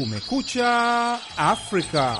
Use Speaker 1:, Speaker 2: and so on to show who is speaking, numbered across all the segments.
Speaker 1: Kumekucha Afrika.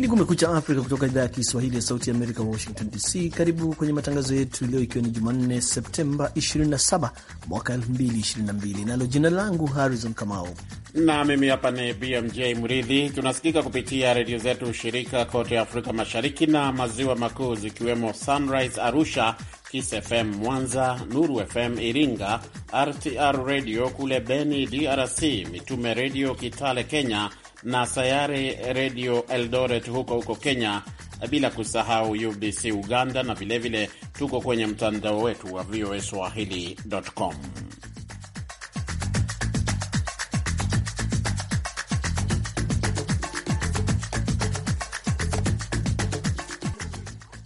Speaker 2: Hii ni Kumekucha Afrika kutoka idhaa ya Kiswahili ya Sauti Amerika, Washington DC. Karibu kwenye matangazo yetu leo, ikiwa ni Jumanne Septemba 27 mwaka 2022, nalo jina langu Harrison Kamau
Speaker 3: na mimi hapa ni BMJ Mridhi. Tunasikika kupitia redio zetu shirika kote Afrika Mashariki na Maziwa Makuu, zikiwemo Sunrise Arusha, Kiss FM Mwanza, Nuru FM Iringa, RTR Radio kule Beni DRC, Mitume Redio Kitale Kenya, na Sayari Redio Eldoret huko huko Kenya, bila kusahau UBC Uganda, na vilevile tuko kwenye mtandao wetu wa VOA Swahili.com.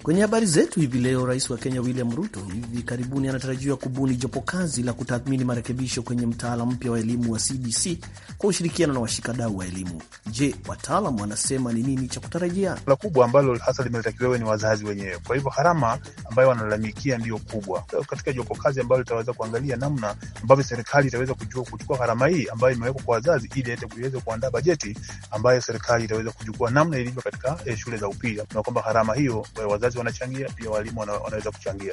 Speaker 2: Kwenye habari zetu hivi leo, rais wa Kenya William Ruto hivi karibuni anatarajiwa kubuni jopo kazi la kutathmini marekebisho kwenye mtaala mpya wa elimu wa CBC kwa ushirikiano na washikadau wa elimu. Je, wataalam wanasema ni nini cha
Speaker 1: kutarajia? La kubwa ambalo hasa wewe ni wazazi wenyewe, kwa hivyo gharama ambayo wanalalamikia ndiyo kubwa katika jopo kazi ambalo litaweza kuangalia namna ambavyo serikali itaweza kuchukua gharama hii ambayo imewekwa kwa wazazi ili iweze kuandaa bajeti ambayo serikali itaweza kuchukua namna ilivyo katika eh, shule za upili na kwamba gharama hiyo eh, wazazi wazazi wanachangia, pia walimu wanaweza kuchangia.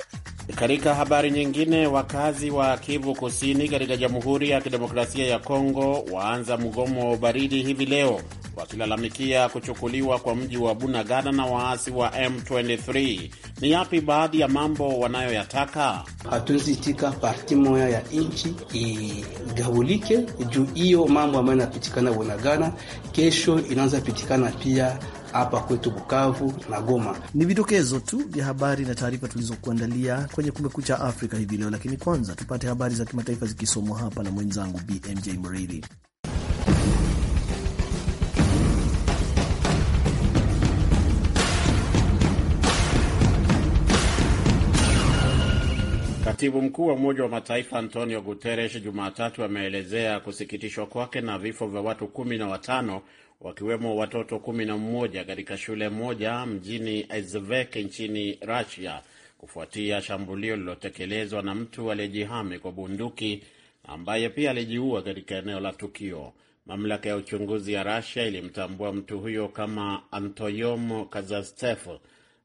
Speaker 3: Katika habari nyingine, wakazi wa Kivu Kusini katika Jamhuri ya Kidemokrasia ya Kongo waanza mgomo wa ubaridi hivi leo wakilalamikia kuchukuliwa kwa mji wa Bunagana na waasi wa M23. Ni yapi baadhi ya mambo wanayoyataka?
Speaker 2: Hatuwezi itika parti moya ya nchi igaulike juu hiyo mambo ambayo inapitikana Bunagana, kesho inaanza pitikana pia hapa kwetu Bukavu na Goma. Ni vidokezo tu vya habari na taarifa tulizokuandalia kwenye Kumekucha Afrika hivi leo, lakini kwanza tupate habari za kimataifa zikisomwa hapa na mwenzangu BMJ Mridhi.
Speaker 3: Katibu mkuu wa Umoja wa Mataifa Antonio Guterres Jumatatu ameelezea kusikitishwa kwake na vifo vya watu kumi na watano wakiwemo watoto kumi na mmoja katika shule moja mjini Izvek nchini rasia kufuatia shambulio lililotekelezwa na mtu aliyejihami kwa bunduki ambaye pia alijiua katika eneo la tukio. Mamlaka ya uchunguzi ya rasia ilimtambua mtu huyo kama Antoyom Kazastef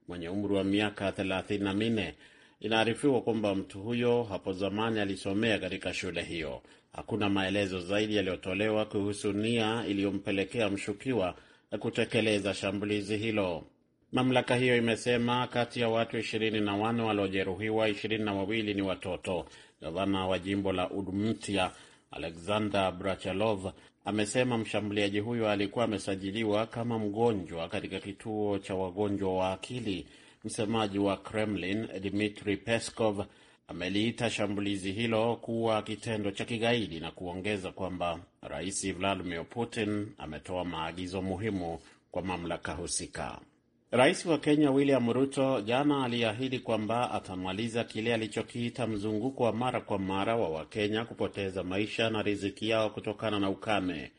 Speaker 3: mwenye umri wa miaka 34 Inaarifiwa kwamba mtu huyo hapo zamani alisomea katika shule hiyo. Hakuna maelezo zaidi yaliyotolewa kuhusu nia iliyompelekea mshukiwa kutekeleza shambulizi hilo. Mamlaka hiyo imesema kati ya watu ishirini na wanne waliojeruhiwa, ishirini na wawili ni watoto. Gavana wa jimbo la Udmurtia Alexander Brachalov amesema mshambuliaji huyo alikuwa amesajiliwa kama mgonjwa katika kituo cha wagonjwa wa akili Msemaji wa Kremlin Dmitri Peskov ameliita shambulizi hilo kuwa kitendo cha kigaidi na kuongeza kwamba Rais Vladimir Putin ametoa maagizo muhimu kwa mamlaka husika. Rais wa Kenya William Ruto jana aliahidi kwamba atamaliza kile alichokiita mzunguko wa mara kwa mara wa Wakenya kupoteza maisha na riziki yao kutokana na ukame.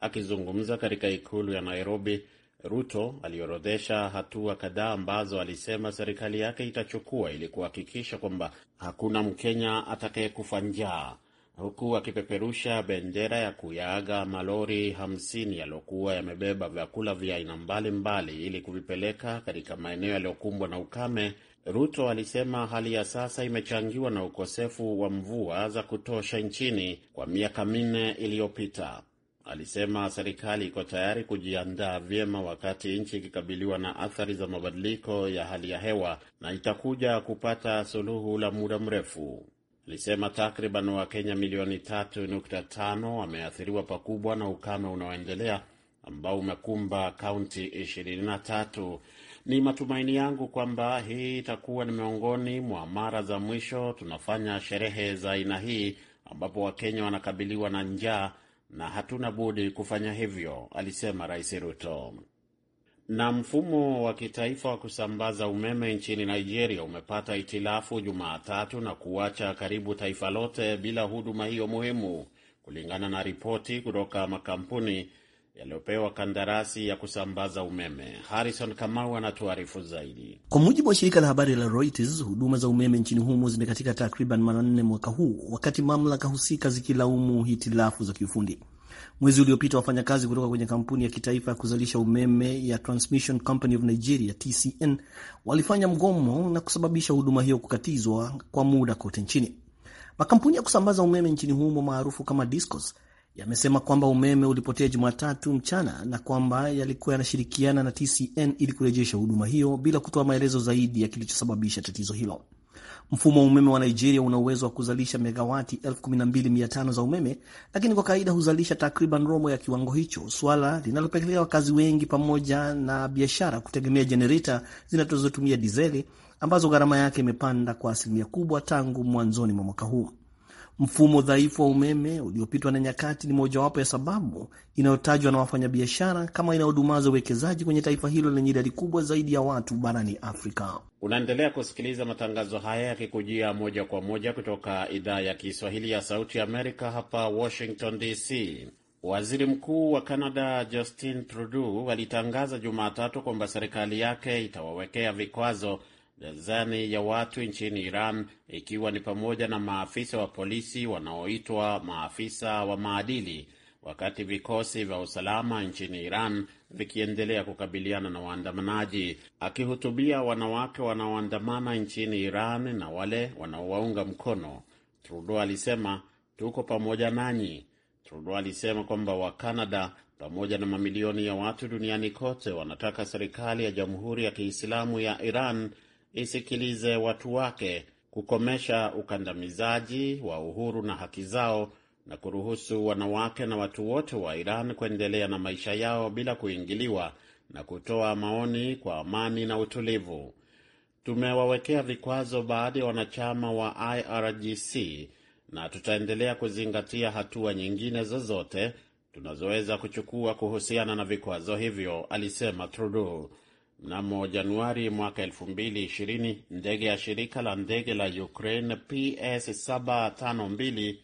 Speaker 3: Akizungumza katika ikulu ya Nairobi, Ruto aliorodhesha hatua kadhaa ambazo alisema serikali yake itachukua ili kuhakikisha kwamba hakuna Mkenya atakayekufa njaa, huku akipeperusha bendera ya kuyaaga malori 50 yaliyokuwa yamebeba vyakula vya aina mbalimbali ili kuvipeleka katika maeneo yaliyokumbwa na ukame. Ruto alisema hali ya sasa imechangiwa na ukosefu wa mvua za kutosha nchini kwa miaka minne iliyopita alisema serikali iko tayari kujiandaa vyema wakati nchi ikikabiliwa na athari za mabadiliko ya hali ya hewa na itakuja kupata suluhu la muda mrefu. Alisema takriban Wakenya milioni 3.5 wameathiriwa pakubwa na ukame unaoendelea ambao umekumba kaunti 23. Ni matumaini yangu kwamba hii itakuwa ni miongoni mwa mara za mwisho tunafanya sherehe za aina hii ambapo Wakenya wanakabiliwa na njaa na hatuna budi kufanya hivyo, alisema Rais Ruto. Na mfumo wa kitaifa wa kusambaza umeme nchini Nigeria umepata itilafu Jumatatu na kuacha karibu taifa lote bila huduma hiyo muhimu, kulingana na ripoti kutoka makampuni yaliyopewa kandarasi ya kusambaza umeme. Harrison Kamau anatuarifu zaidi.
Speaker 2: Kwa mujibu wa shirika la habari la Reuters, huduma za umeme nchini humo zimekatika takriban mara nne mwaka huu, wakati mamlaka husika zikilaumu hitilafu za kiufundi. Mwezi uliopita wafanyakazi kutoka kwenye kampuni ya kitaifa ya kuzalisha umeme ya Transmission Company of Nigeria TCN walifanya mgomo na kusababisha huduma hiyo kukatizwa kwa muda kote nchini. Makampuni ya kusambaza umeme nchini humo maarufu kama DISCOS yamesema kwamba umeme ulipotea Jumatatu mchana na kwamba yalikuwa yanashirikiana na TCN ili kurejesha huduma hiyo bila kutoa maelezo zaidi ya kilichosababisha tatizo hilo. Mfumo wa umeme wa Nigeria una uwezo wa kuzalisha megawati 12500 za umeme, lakini kwa kawaida huzalisha takriban robo ya kiwango hicho, suala linalopelekea wakazi wengi pamoja na biashara kutegemea jenereta zinazotumia dizeli ambazo gharama yake imepanda kwa asilimia kubwa tangu mwanzoni mwa mwaka huu. Mfumo dhaifu wa umeme uliopitwa na nyakati ni mojawapo ya sababu inayotajwa na wafanyabiashara kama inayodumaza uwekezaji kwenye taifa hilo lenye idadi kubwa zaidi ya watu barani Afrika.
Speaker 3: Unaendelea kusikiliza matangazo haya yakikujia moja kwa moja kutoka idhaa ya Kiswahili ya Sauti ya Amerika, hapa Washington DC. Waziri Mkuu wa Kanada Justin Trudeau alitangaza Jumatatu kwamba serikali yake itawawekea vikwazo dazani ya watu nchini Iran, ikiwa ni pamoja na maafisa wa polisi wanaoitwa maafisa wa maadili, wakati vikosi vya usalama nchini Iran vikiendelea kukabiliana na waandamanaji. Akihutubia wanawake wanaoandamana nchini Iran na wale wanaowaunga mkono, Trudeau alisema tuko pamoja nanyi. Trudeau alisema kwamba Wakanada pamoja na mamilioni ya watu duniani kote wanataka serikali ya Jamhuri ya Kiislamu ya Iran isikilize watu wake kukomesha ukandamizaji wa uhuru na haki zao na kuruhusu wanawake na watu wote wa Iran kuendelea na maisha yao bila kuingiliwa na kutoa maoni kwa amani na utulivu. Tumewawekea vikwazo baadhi ya wanachama wa IRGC na tutaendelea kuzingatia hatua nyingine zozote tunazoweza kuchukua kuhusiana na vikwazo hivyo, alisema Trudeau. Mnamo Januari mwaka 2020 ndege ya shirika la ndege la Ukraine PS752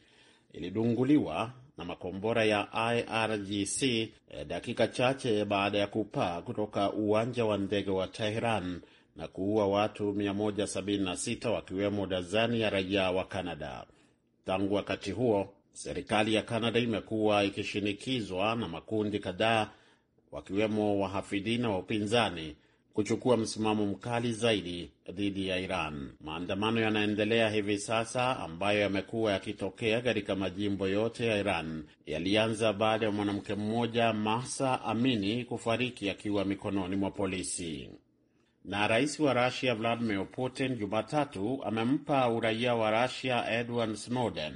Speaker 3: ilidunguliwa na makombora ya IRGC eh, dakika chache baada ya kupaa kutoka uwanja wa ndege wa Tehran na kuua watu 176 wakiwemo dazani ya raia wa Kanada. Tangu wakati huo, serikali ya Kanada imekuwa ikishinikizwa na makundi kadhaa wakiwemo wahafidhina wa upinzani kuchukua msimamo mkali zaidi dhidi ya Iran. Maandamano yanaendelea hivi sasa ambayo yamekuwa yakitokea katika majimbo yote ya Iran yalianza baada ya mwanamke mmoja Mahsa Amini kufariki akiwa mikononi mwa polisi. Na rais wa Rusia Vladimir Putin Jumatatu amempa uraia wa Rusia Edward Snowden,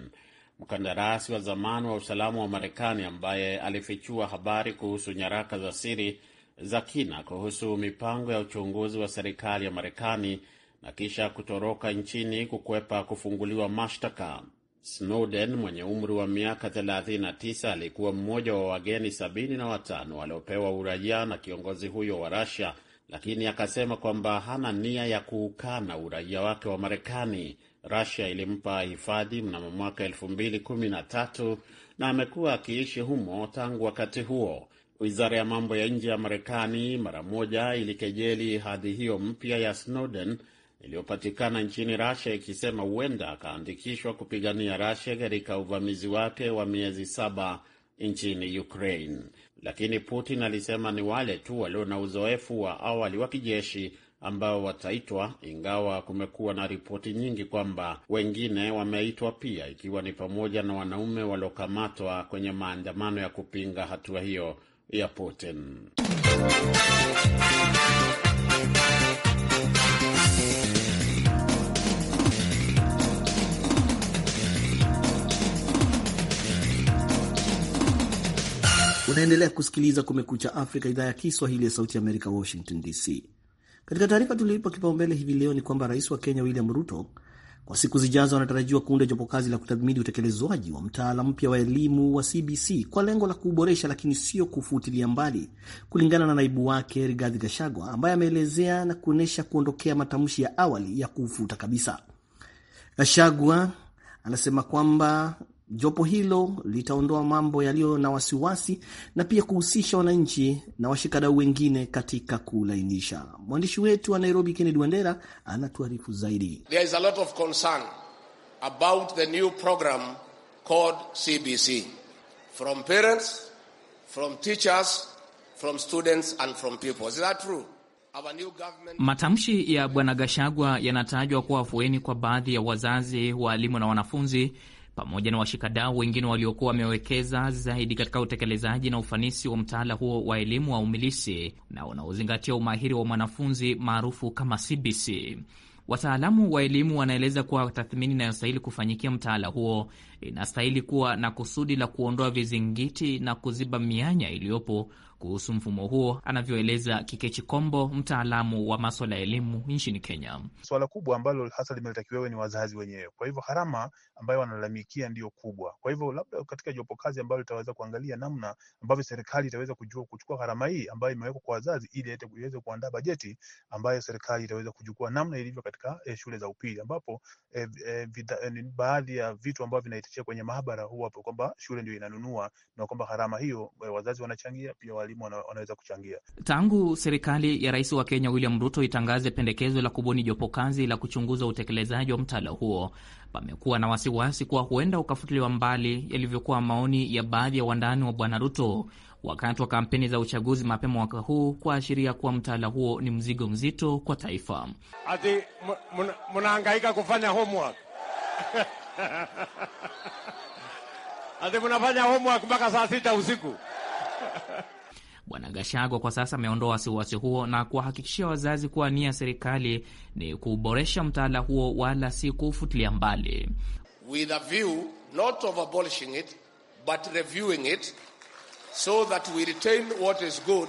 Speaker 3: mkandarasi wa zamani wa usalama wa Marekani ambaye alifichua habari kuhusu nyaraka za siri za kina kuhusu mipango ya uchunguzi wa serikali ya Marekani na kisha kutoroka nchini kukwepa kufunguliwa mashtaka. Snowden mwenye umri wa miaka 39 alikuwa mmoja wa wageni 75 waliopewa uraia na kiongozi huyo wa Russia, lakini akasema kwamba hana nia ya kuukana uraia wake wa Marekani. Russia ilimpa hifadhi mnamo mwaka 2013 na amekuwa akiishi humo tangu wakati huo. Wizara ya mambo ya nje ya Marekani mara moja ilikejeli hadhi hiyo mpya ya Snowden iliyopatikana nchini Rasia, ikisema huenda akaandikishwa kupigania Rasia katika uvamizi wake wa miezi saba nchini Ukraine. Lakini Putin alisema ni wale tu walio na uzoefu wa awali wa kijeshi ambao wataitwa, ingawa kumekuwa na ripoti nyingi kwamba wengine wameitwa pia, ikiwa ni pamoja na wanaume waliokamatwa kwenye maandamano ya kupinga hatua hiyo ya Putin.
Speaker 2: Unaendelea kusikiliza Kumekucha Afrika, idhaa ya Kiswahili ya Sauti ya Amerika, Washington DC. Katika taarifa tulioipa kipaumbele hivi leo ni kwamba rais wa Kenya William Ruto kwa siku zijazo, wanatarajiwa kuunda kazi la kutathmini utekelezwaji wa mtaala mpya wa elimu wa CBC kwa lengo la kuuboresha, lakini sio kufutilia mbali, kulingana na naibu wake Rigathi Gachagua ambaye ameelezea na kuonyesha kuondokea matamshi ya awali ya kuufuta kabisa. Gachagua anasema kwamba Jopo hilo litaondoa mambo yaliyo na wasiwasi na pia kuhusisha wananchi na washikadau wengine katika kulainisha. Mwandishi wetu wa Nairobi, Kennedy Wandera, anatuarifu zaidi.
Speaker 3: There is a lot of concern about the new program called CBC from parents, from teachers, from students and from people. Is that
Speaker 2: true?
Speaker 4: Matamshi ya Bwana Gashagwa yanatajwa kuwa afueni kwa baadhi ya wazazi, waalimu na wanafunzi pamoja na washikadau wengine waliokuwa wamewekeza zaidi katika utekelezaji na ufanisi wa mtaala huo wa elimu wa umilisi na unaozingatia umahiri wa mwanafunzi maarufu kama CBC. Wataalamu wa elimu wanaeleza kuwa tathmini inayostahili kufanyikia mtaala huo inastahili kuwa na kusudi la kuondoa vizingiti na kuziba mianya iliyopo kuhusu mfumo huo, anavyoeleza Kikechi Kombo, mtaalamu wa maswala ya elimu nchini Kenya.
Speaker 1: Suala kubwa ambalo hasa limeletakiwewe ni wazazi wenyewe, kwa hivyo gharama ambayo wanalalamikia ndiyo kubwa. Kwa hivyo labda katika jopo kazi ambalo litaweza kuangalia namna ambavyo serikali itaweza kujua kuchukua gharama hii ambayo imewekwa kwa wazazi, ili iweze kuandaa bajeti ambayo serikali itaweza kuchukua namna ilivyo katika eh, shule za upili ambapo eh, eh, eh, baadhi ya vitu ambavyo vinahitajika kwenye maabara huwapo kwamba shule ndio inanunua na kwamba gharama hiyo eh, wazazi wanachangia pia wali walimu wanaweza kuchangia.
Speaker 4: Tangu serikali ya rais wa Kenya William Ruto itangaze pendekezo la kubuni jopo kazi la kuchunguza utekelezaji wa mtaala huo, pamekuwa na wasiwasi kuwa huenda ukafutiliwa mbali, yalivyokuwa maoni ya baadhi ya wandani wa bwana Ruto wakati wa kampeni za uchaguzi mapema mwaka huu, kuashiria kuwa mtaala huo ni mzigo mzito kwa taifa.
Speaker 5: Ati mnahangaika kufanya homework ati mnafanya homework
Speaker 1: mpaka saa sita usiku
Speaker 4: Bwana Gashagwa kwa sasa ameondoa wasiwasi huo na kuwahakikishia wazazi kuwa nia ya serikali ni kuboresha mtaala huo wala si kufutilia mbali.
Speaker 3: With a view not of abolishing it but reviewing it so that we retain what is good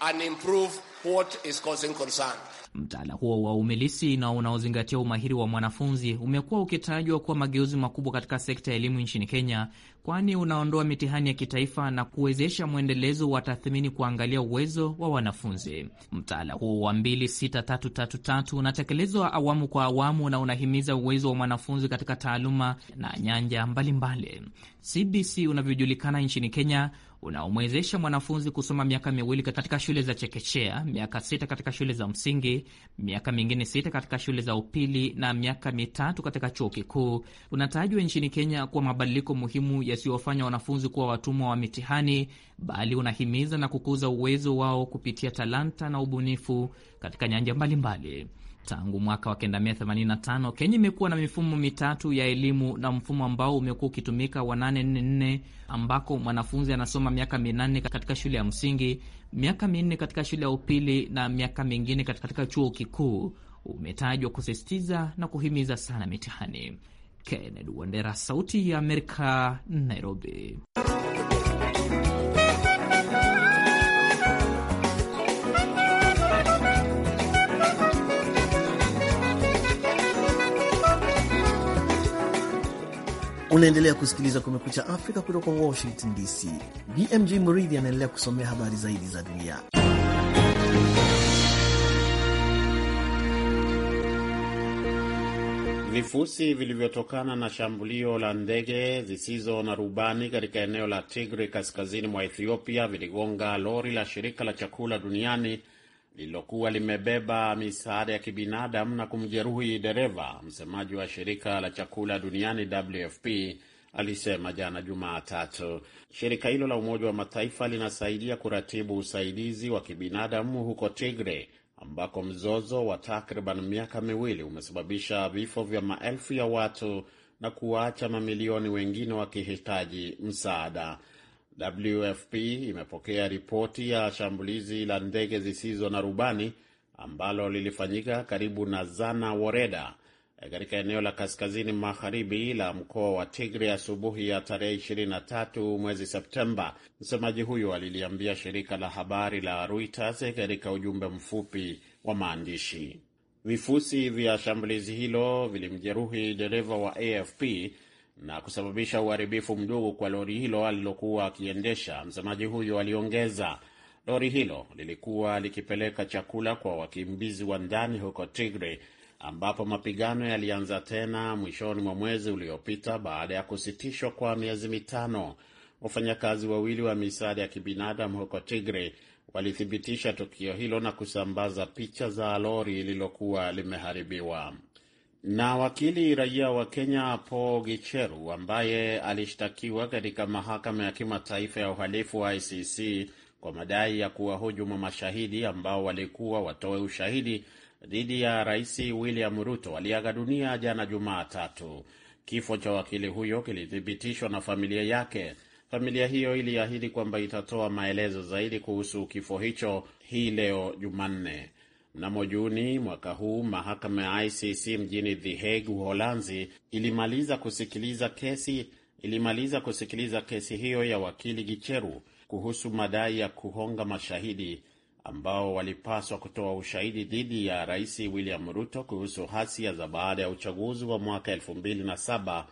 Speaker 3: and improve what is causing concern.
Speaker 4: Mtaala huo wa umilisi na unaozingatia umahiri wa mwanafunzi umekuwa ukitajwa kuwa mageuzi makubwa katika sekta ya elimu nchini Kenya, kwani unaondoa mitihani ya kitaifa na kuwezesha mwendelezo wa tathmini kuangalia uwezo wa wanafunzi. Mtaala huo wa 26333 unatekelezwa awamu kwa awamu na unahimiza uwezo wa mwanafunzi katika taaluma na nyanja mbalimbali mbali. CBC unavyojulikana nchini Kenya unaomwezesha mwanafunzi kusoma miaka miwili katika shule za chekechea, miaka sita katika shule za msingi, miaka mingine sita katika shule za upili na miaka mitatu katika chuo kikuu, unatajwa nchini Kenya kuwa mabadiliko muhimu yasiyofanya wanafunzi kuwa watumwa wa mitihani, bali unahimiza na kukuza uwezo wao kupitia talanta na ubunifu katika nyanja mbalimbali mbali. Tangu mwaka wa 1985 Kenya imekuwa na mifumo mitatu ya elimu na mfumo ambao umekuwa ukitumika wa 844 ambako mwanafunzi anasoma miaka minane katika shule ya msingi, miaka minne katika shule ya upili na miaka mingine katika chuo kikuu, umetajwa kusisitiza na kuhimiza sana mitihani. Kennedy Wandera, Sauti ya Amerika, Nairobi.
Speaker 2: Unaendelea kusikiliza Kumekucha Afrika kutoka Washington DC. BMJ Muridhi anaendelea kusomea habari zaidi za dunia.
Speaker 3: Vifusi vilivyotokana na shambulio la ndege zisizo na rubani katika eneo la Tigri kaskazini mwa Ethiopia viligonga lori la shirika la chakula duniani lililokuwa limebeba misaada ya kibinadamu na kumjeruhi dereva. Msemaji wa shirika la chakula duniani WFP alisema jana Jumatatu. Shirika hilo la Umoja wa Mataifa linasaidia kuratibu usaidizi wa kibinadamu huko Tigre, ambako mzozo wa takriban miaka miwili umesababisha vifo vya maelfu ya watu na kuwaacha mamilioni wengine wakihitaji msaada. WFP imepokea ripoti ya shambulizi la ndege zisizo na rubani ambalo lilifanyika karibu na Zana Woreda eh, katika eneo la kaskazini magharibi la mkoa wa tigre asubuhi ya tarehe 23 mwezi Septemba. Msemaji huyo aliliambia shirika la habari la Reuters eh, katika ujumbe mfupi wa maandishi. Vifusi vya shambulizi hilo vilimjeruhi dereva wa AFP na kusababisha uharibifu mdogo kwa lori hilo alilokuwa akiendesha. Msemaji huyo aliongeza, lori hilo lilikuwa likipeleka chakula kwa wakimbizi wa ndani huko Tigre, ambapo mapigano yalianza tena mwishoni mwa mwezi uliopita baada ya kusitishwa kwa miezi mitano. Wafanyakazi wawili wa misaada ya kibinadamu huko Tigre walithibitisha tukio hilo na kusambaza picha za lori lililokuwa limeharibiwa. Na wakili raia wa Kenya Paul Gicheru ambaye alishtakiwa katika mahakama ya kimataifa ya uhalifu wa ICC kwa madai ya kuwahujuma mashahidi ambao walikuwa watoe ushahidi dhidi ya Rais William Ruto aliaga dunia jana Jumatatu. Kifo cha wakili huyo kilithibitishwa na familia yake. Familia hiyo iliahidi kwamba itatoa maelezo zaidi kuhusu kifo hicho hii leo Jumanne. Mnamo Juni mwaka huu mahakama ya ICC mjini The Hague, Uholanzi, ilimaliza kusikiliza kesi ilimaliza kusikiliza kesi hiyo ya wakili Gicheru kuhusu madai ya kuhonga mashahidi ambao walipaswa kutoa ushahidi dhidi ya Rais William Ruto kuhusu hasia za baada ya uchaguzi wa mwaka 2007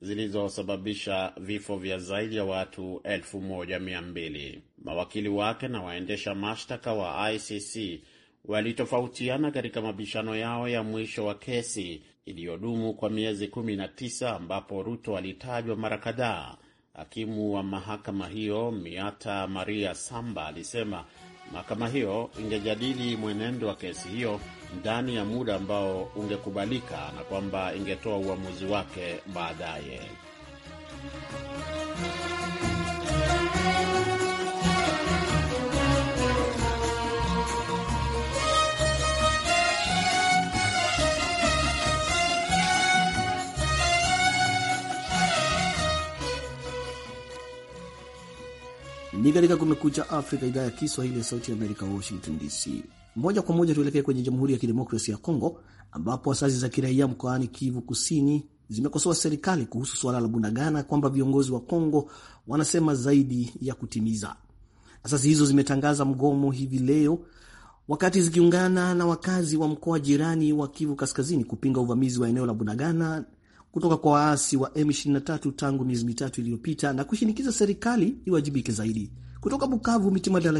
Speaker 3: zilizosababisha vifo vya zaidi ya watu 1200. Mawakili wake na waendesha mashtaka wa ICC walitofautiana katika mabishano yao ya mwisho wa kesi iliyodumu kwa miezi 19 ambapo Ruto alitajwa mara kadhaa. Hakimu wa mahakama hiyo Miata Maria Samba alisema mahakama hiyo ingejadili mwenendo wa kesi hiyo ndani ya muda ambao ungekubalika na kwamba ingetoa uamuzi wake baadaye.
Speaker 2: ni katika Kumekucha Afrika, idhaa ya Kiswahili ya Sauti ya Amerika, Washington DC. Moja kwa moja tuelekee kwenye Jamhuri ya kidemokrasi ya congo ambapo asasi za kiraia mkoani Kivu Kusini zimekosoa serikali kuhusu suala la Bunagana kwamba viongozi wa congo wanasema zaidi ya kutimiza. Asasi hizo zimetangaza mgomo hivi leo wakati zikiungana na wakazi wa mkoa jirani wa Kivu Kaskazini kupinga uvamizi wa eneo la Bunagana kutoka kwa waasi wa M23 tangu miezi mitatu iliyopita na kushinikiza serikali iwajibike zaidi. Kutoka Bukavu, Mitima de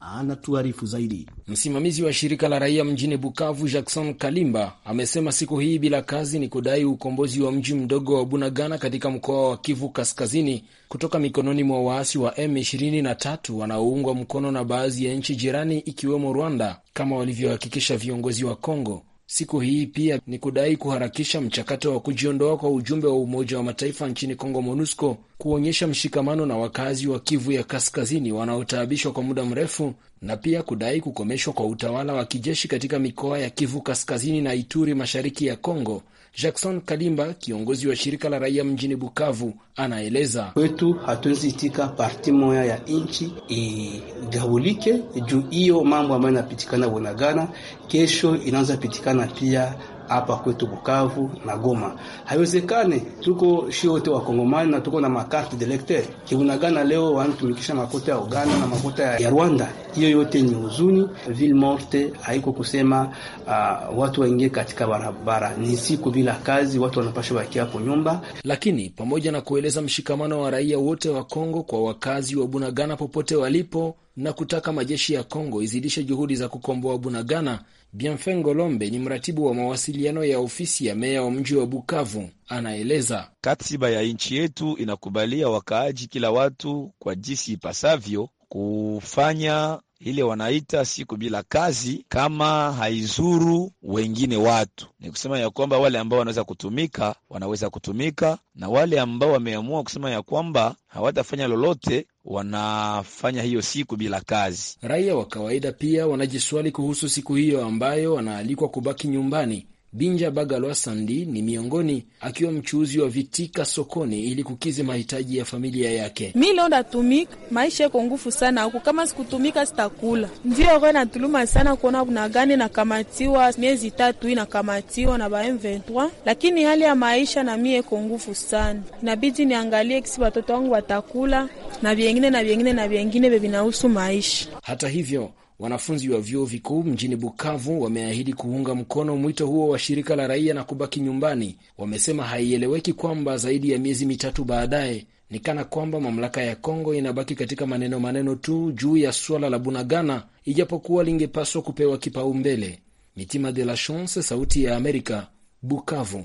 Speaker 2: anatuarifu zaidi.
Speaker 6: Msimamizi wa shirika la raia mjini Bukavu, Jackson Kalimba, amesema siku hii bila kazi ni kudai ukombozi wa mji mdogo wa Bunagana katika mkoa wa Kivu Kaskazini kutoka mikononi mwa waasi wa M23 wanaoungwa mkono na baadhi ya nchi jirani ikiwemo Rwanda, kama walivyohakikisha viongozi wa Kongo siku hii pia ni kudai kuharakisha mchakato wa kujiondoa kwa ujumbe wa Umoja wa Mataifa nchini Kongo, MONUSCO, kuonyesha mshikamano na wakazi wa Kivu ya Kaskazini wanaotaabishwa kwa muda mrefu na pia kudai kukomeshwa kwa utawala wa kijeshi katika mikoa ya Kivu Kaskazini na Ituri, mashariki ya congo Jackson Kalimba, kiongozi wa shirika la raia mjini Bukavu, anaeleza: kwetu hatuwezi itika
Speaker 2: parti moya ya nchi igawulike juu hiyo mambo ambayo inapitikana Bunagana, kesho inaanza pitikana pia hapa kwetu Bukavu na Goma. haiwezekani tuko shio wote kongomani na tuko na makarte de lecteur kiunagana, leo wanatumikisha makota ya Uganda na makota ya Rwanda. Hiyo yote ni huzuni. Ville morte haiko kusema uh, watu waingie katika barabara, ni siku bila kazi,
Speaker 6: watu wanapasha wakia hapo nyumba. Lakini pamoja na kueleza mshikamano wa raia wote wa Kongo kwa wakazi wa Bunagana popote walipo na kutaka majeshi ya Kongo izidishe juhudi za kukomboa Bunagana Bienfait Lombe ni mratibu wa mawasiliano ya ofisi ya meya wa mji wa Bukavu, anaeleza katiba ya nchi yetu inakubalia wakaaji, kila watu kwa jinsi ipasavyo kufanya ile wanaita siku bila kazi, kama haizuru wengine watu, ni kusema ya kwamba wale ambao wanaweza kutumika wanaweza kutumika, na wale ambao wameamua kusema ya kwamba hawatafanya lolote wanafanya hiyo siku bila kazi. Raia wa kawaida pia wanajiswali kuhusu siku hiyo ambayo wanaalikwa kubaki nyumbani. Binja Bagalwa Sandi ni miongoni akiwa mchuuzi wa vitika sokoni ili kukizi mahitaji ya familia yake. Mi leo ndatumika, maisha iko ngufu sana huku, kama sikutumika sitakula. Ndio ko natuluma sana kuona kuna gani nakamatiwa miezi tatu hii nakamatiwa na ba M23, lakini hali ya maisha na mie iko ngufu sana, inabidi niangalie kisi watoto wangu watakula na vyengine na vyengine na vyengine vye maisha. Hata hivyo Wanafunzi wa vyuo vikuu mjini Bukavu wameahidi kuunga mkono mwito huo wa shirika la raia na kubaki nyumbani. Wamesema haieleweki kwamba zaidi ya miezi mitatu baadaye ni kana kwamba mamlaka ya Kongo inabaki katika maneno maneno tu juu ya suala la Bunagana, ijapokuwa lingepaswa kupewa kipaumbele. Mitima de la Chance, Sauti ya Amerika, Bukavu.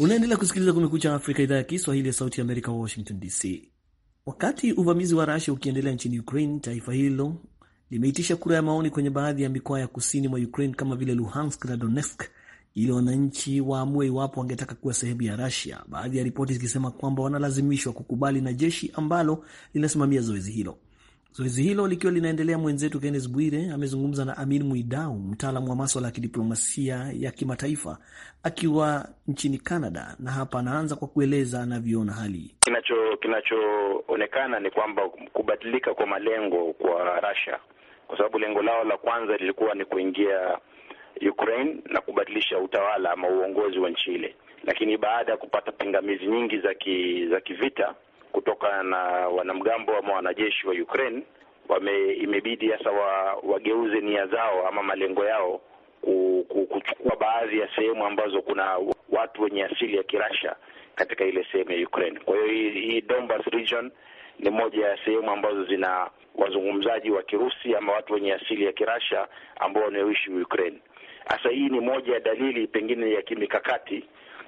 Speaker 2: Unaendelea kusikiliza Kumekucha Afrika, idhaa ya Kiswahili ya Sauti ya Amerika, Washington DC. Wakati uvamizi wa Rusia ukiendelea nchini Ukraine, taifa hilo limeitisha kura ya maoni kwenye baadhi ya mikoa ya kusini mwa Ukraine kama vile Luhansk na Donetsk ili wananchi waamue iwapo wangetaka kuwa sehemu ya Rusia, baadhi ya ripoti zikisema kwamba wanalazimishwa kukubali na jeshi ambalo linasimamia zoezi hilo. Zoezi hilo likiwa linaendelea, mwenzetu Kennes Bwire amezungumza na Amin Mwidau, mtaalamu wa maswala ya kidiplomasia ya kimataifa akiwa nchini Canada, na hapa anaanza kwa kueleza anavyoona hali.
Speaker 5: Kinacho kinachoonekana ni kwamba kubadilika kwa malengo kwa Russia, kwa sababu lengo lao la kwanza lilikuwa ni kuingia Ukraine na kubadilisha utawala ama uongozi wa nchi ile, lakini baada ya kupata pingamizi nyingi za ki, za kivita kutoka na wanamgambo ama wanajeshi wa Ukraine wame, imebidi sasa wa, wageuze nia zao ama malengo yao kuchukua baadhi ya sehemu ambazo kuna watu wenye asili ya Kirasha katika ile sehemu ya Ukraine. Kwa hiyo hii, Donbas region ni moja ya sehemu ambazo zina wazungumzaji wa Kirusi ama watu wenye asili ya Kirasha ambao wanaoishi Ukraine. Hasa hii ni moja ya dalili pengine ya kimikakati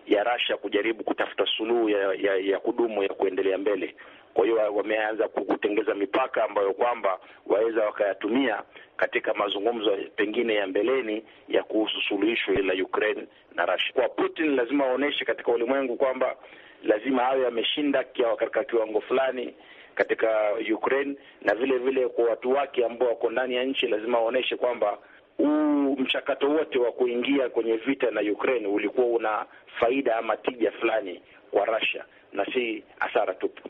Speaker 5: ya Russia kujaribu kutafuta suluhu ya, ya, ya kudumu ya kuendelea mbele. Kwa hiyo wameanza kutengeza mipaka ambayo kwamba waweza wakayatumia katika mazungumzo pengine ya mbeleni ya kuhusu suluhisho la Ukraine na Russia. Kwa Putin lazima aoneshe katika ulimwengu kwamba lazima awe ameshinda katika kiwango fulani katika Ukraine, na vile vile kwa watu wake ambao wako ndani ya nchi lazima waoneshe kwamba huu mchakato wote wa kuingia kwenye vita na Ukraine ulikuwa una faida ama tija fulani kwa Russia na si hasara tupu.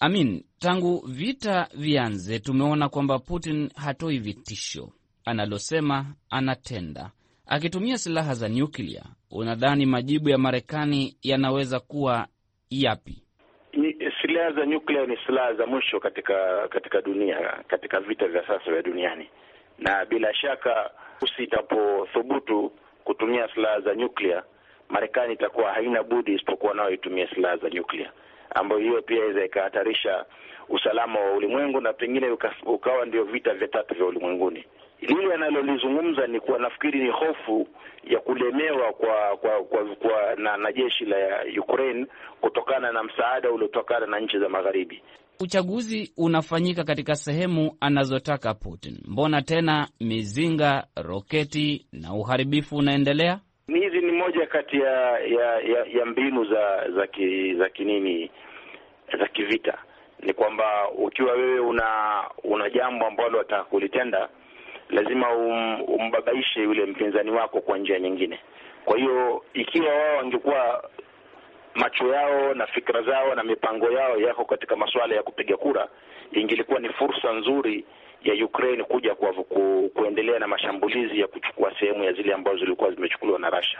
Speaker 4: Amin, tangu vita vianze, tumeona kwamba Putin hatoi vitisho, analosema anatenda, akitumia silaha za nyuklia. Unadhani majibu ya Marekani yanaweza kuwa yapi?
Speaker 5: silaha za nyuklia ni silaha za mwisho katika katika dunia, katika vita vya sasa vya duniani na bila shaka Urusi itapothubutu kutumia silaha za nyuklia, Marekani itakuwa haina budi isipokuwa nao itumie silaha za nyuklia, ambayo hiyo pia iweza ikahatarisha usalama wa ulimwengu na pengine ukawa ndio vita vya tatu vya ulimwenguni. Lile analolizungumza ni kuwa nafikiri ni hofu ya kulemewa kwa kwa, kwa, kwa na, na jeshi la Ukraine kutokana na msaada uliotokana na nchi za magharibi
Speaker 4: uchaguzi unafanyika katika sehemu anazotaka Putin, mbona tena mizinga, roketi na uharibifu unaendelea?
Speaker 5: Ni hizi ni moja kati ya ya, ya, ya mbinu za za ki, za kinini za kivita, ni kwamba ukiwa wewe una una jambo ambalo wataka kulitenda lazima um, umbabaishe yule mpinzani wako kwa njia nyingine. Kwa hiyo ikiwa wao wangekuwa macho yao na fikra zao na mipango yao yako katika masuala ya kupiga kura, ingelikuwa ni fursa nzuri ya Ukraine kuja kwa ku, kuendelea na mashambulizi ya kuchukua sehemu ya zile ambazo zilikuwa zimechukuliwa na Russia.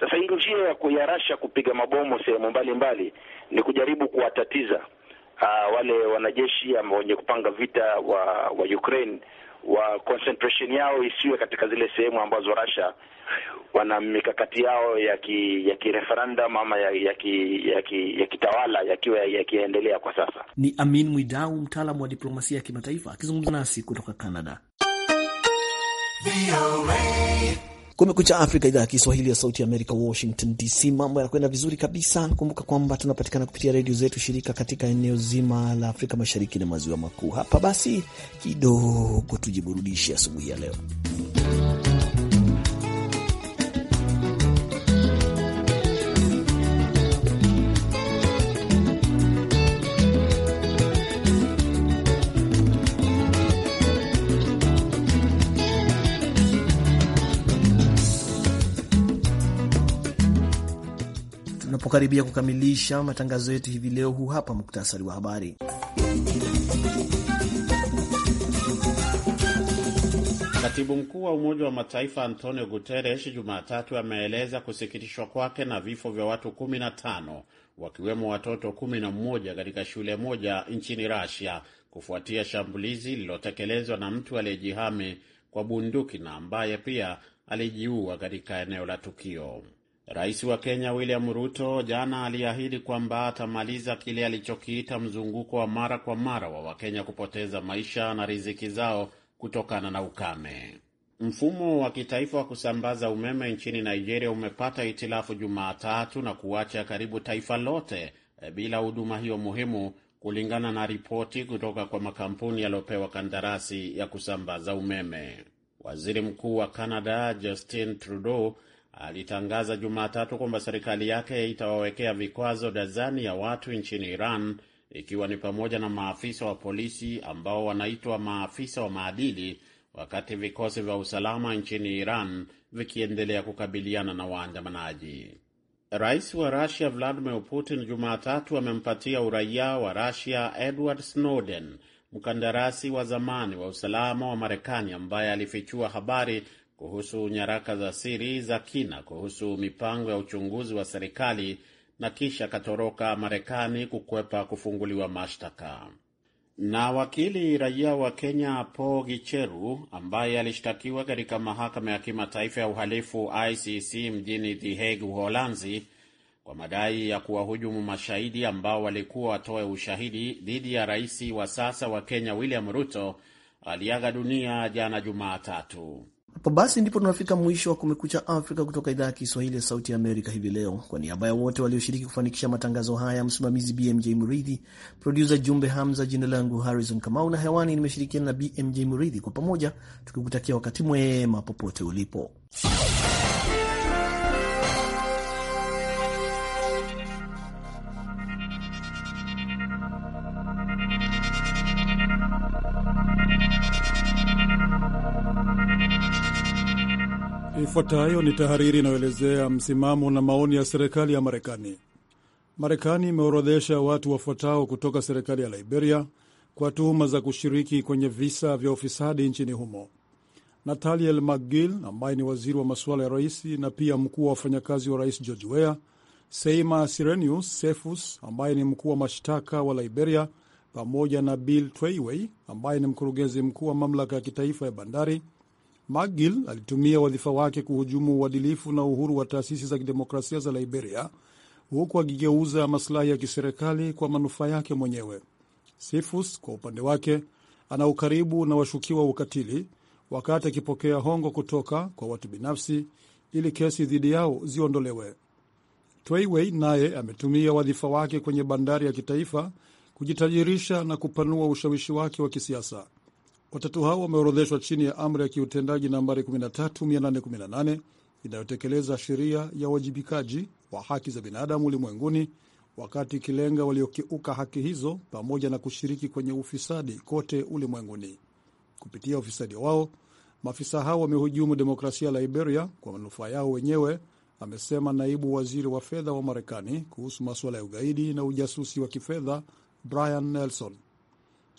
Speaker 5: Sasa hii njia ya ya Russia kupiga mabomu sehemu mbalimbali ni kujaribu kuwatatiza Uh, wale wanajeshi ama wenye kupanga vita wa wa Ukraine wa concentration yao isiwe katika zile sehemu ambazo Russia wana mikakati yao ya ki, ya referendum ama ya ya ki, ya ki, ya yakiwa yakiendelea kwa sasa.
Speaker 2: Ni Amin Mwidau, mtaalamu wa diplomasia ya kimataifa akizungumza nasi kutoka Canada. Kumekucha Afrika, idhaa ya Kiswahili ya Sauti ya Amerika, Washington DC. Mambo yanakwenda vizuri kabisa. Kumbuka kwamba tunapatikana kupitia redio zetu shirika katika eneo zima la Afrika Mashariki na Maziwa Makuu. Hapa basi kidogo tujiburudishe asubuhi ya leo. Tunapokaribia kukamilisha matangazo yetu hivi leo, huu hapa muktasari wa habari.
Speaker 3: Katibu mkuu wa Umoja wa Mataifa Antonio Guterres Jumatatu ameeleza kusikitishwa kwake na vifo vya watu 15 wakiwemo watoto 11 katika shule moja nchini rasia kufuatia shambulizi lililotekelezwa na mtu aliyejihami kwa bunduki na ambaye pia alijiua katika eneo la tukio. Rais wa Kenya William Ruto jana aliahidi kwamba atamaliza kile alichokiita mzunguko wa mara kwa mara wa Wakenya kupoteza maisha na riziki zao kutokana na ukame. Mfumo wa kitaifa wa kusambaza umeme nchini Nigeria umepata itilafu Jumatatu na kuacha karibu taifa lote eh, bila huduma hiyo muhimu, kulingana na ripoti kutoka kwa makampuni yaliyopewa kandarasi ya kusambaza umeme. Waziri Mkuu wa Canada Justin Trudeau alitangaza Jumatatu kwamba serikali yake itawawekea vikwazo dazani ya watu nchini Iran, ikiwa ni pamoja na maafisa wa polisi ambao wanaitwa maafisa wa maadili, wakati vikosi vya usalama nchini Iran vikiendelea kukabiliana na waandamanaji. Rais wa Rusia Vladimir Putin Jumatatu amempatia uraia wa Rusia Edward Snowden, mkandarasi wa zamani wa usalama wa Marekani ambaye alifichua habari kuhusu nyaraka za siri za kina kuhusu mipango ya uchunguzi wa serikali na kisha akatoroka Marekani kukwepa kufunguliwa mashtaka. Na wakili raia wa Kenya Paul Gicheru ambaye alishtakiwa katika mahakama ya kimataifa ya uhalifu ICC mjini The Hague, Uholanzi, kwa madai ya kuwahujumu mashahidi ambao walikuwa watoe ushahidi dhidi ya rais wa sasa wa Kenya William Ruto aliaga dunia jana Jumatatu.
Speaker 2: Hapo basi ndipo tunafika mwisho wa Kumekucha Afrika kutoka idhaa ya Kiswahili ya Sauti ya Amerika hivi leo. Kwa niaba ya wote walioshiriki kufanikisha matangazo haya, msimamizi BMJ Mridhi, produsa Jumbe Hamza, jina langu Harrison Kamau na hewani nimeshirikiana na BMJ Mridhi, kwa pamoja tukikutakia wakati mwema popote ulipo.
Speaker 1: Ifuatayo ni tahariri inayoelezea msimamo na maoni ya serikali ya Marekani. Marekani imeorodhesha watu wafuatao kutoka serikali ya Liberia kwa tuhuma za kushiriki kwenye visa vya ufisadi nchini humo. Nathaniel McGill ambaye ni waziri wa masuala ya rais na pia mkuu wa wafanyakazi wa rais George Weah, Seima Sirenius Sefus ambaye ni mkuu wa mashtaka wa Liberia, pamoja na Bill Tweiway ambaye ni mkurugenzi mkuu wa mamlaka ya kitaifa ya bandari McGill alitumia wadhifa wake kuhujumu uadilifu na uhuru wa taasisi za kidemokrasia za Liberia, huku akigeuza masilahi ya kiserikali kwa manufaa yake mwenyewe. Sifus kwa upande wake ana ukaribu na washukiwa wa ukatili, wakati akipokea hongo kutoka kwa watu binafsi ili kesi dhidi yao ziondolewe. Tweiwei naye ametumia wadhifa wake kwenye bandari ya kitaifa kujitajirisha na kupanua ushawishi wake wa kisiasa. Watatu hao wameorodheshwa chini ya amri ya kiutendaji nambari 13818 inayotekeleza sheria ya uwajibikaji wa haki za binadamu ulimwenguni, wakati ikilenga waliokiuka haki hizo pamoja na kushiriki kwenye ufisadi kote ulimwenguni. Kupitia ufisadi wao, maafisa hao wamehujumu demokrasia ya Liberia kwa manufaa yao wenyewe, amesema naibu waziri wa fedha wa Marekani kuhusu masuala ya ugaidi na ujasusi wa kifedha Brian Nelson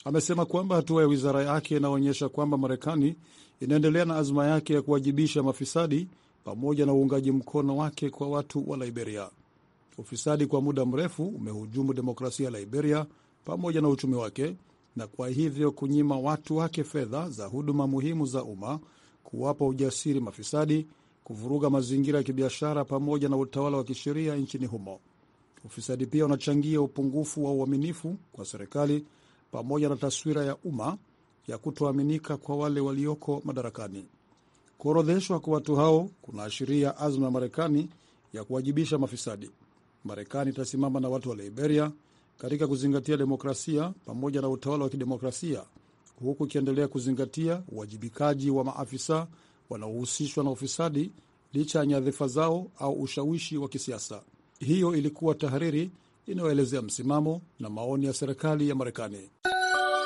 Speaker 1: amesema kwamba hatua ya wizara yake inaonyesha kwamba Marekani inaendelea na azma yake ya kuwajibisha mafisadi pamoja na uungaji mkono wake kwa watu wa Liberia. Ufisadi kwa muda mrefu umehujumu demokrasia ya Liberia pamoja na uchumi wake na kwa hivyo kunyima watu wake fedha za huduma muhimu za umma, kuwapa ujasiri mafisadi, kuvuruga mazingira ya kibiashara pamoja na utawala wa kisheria nchini humo. Ufisadi pia unachangia upungufu wa uaminifu kwa serikali pamoja na taswira ya umma ya kutoaminika kwa wale walioko madarakani. Kuorodheshwa kwa watu hao kunaashiria azma ya Marekani ya kuwajibisha mafisadi. Marekani itasimama na watu wa Liberia katika kuzingatia demokrasia pamoja na utawala wa kidemokrasia, huku ikiendelea kuzingatia uwajibikaji wa maafisa wanaohusishwa na ufisadi licha ya nyadhifa zao au ushawishi wa kisiasa. Hiyo ilikuwa tahariri inayoelezea msimamo na maoni ya serikali ya Marekani.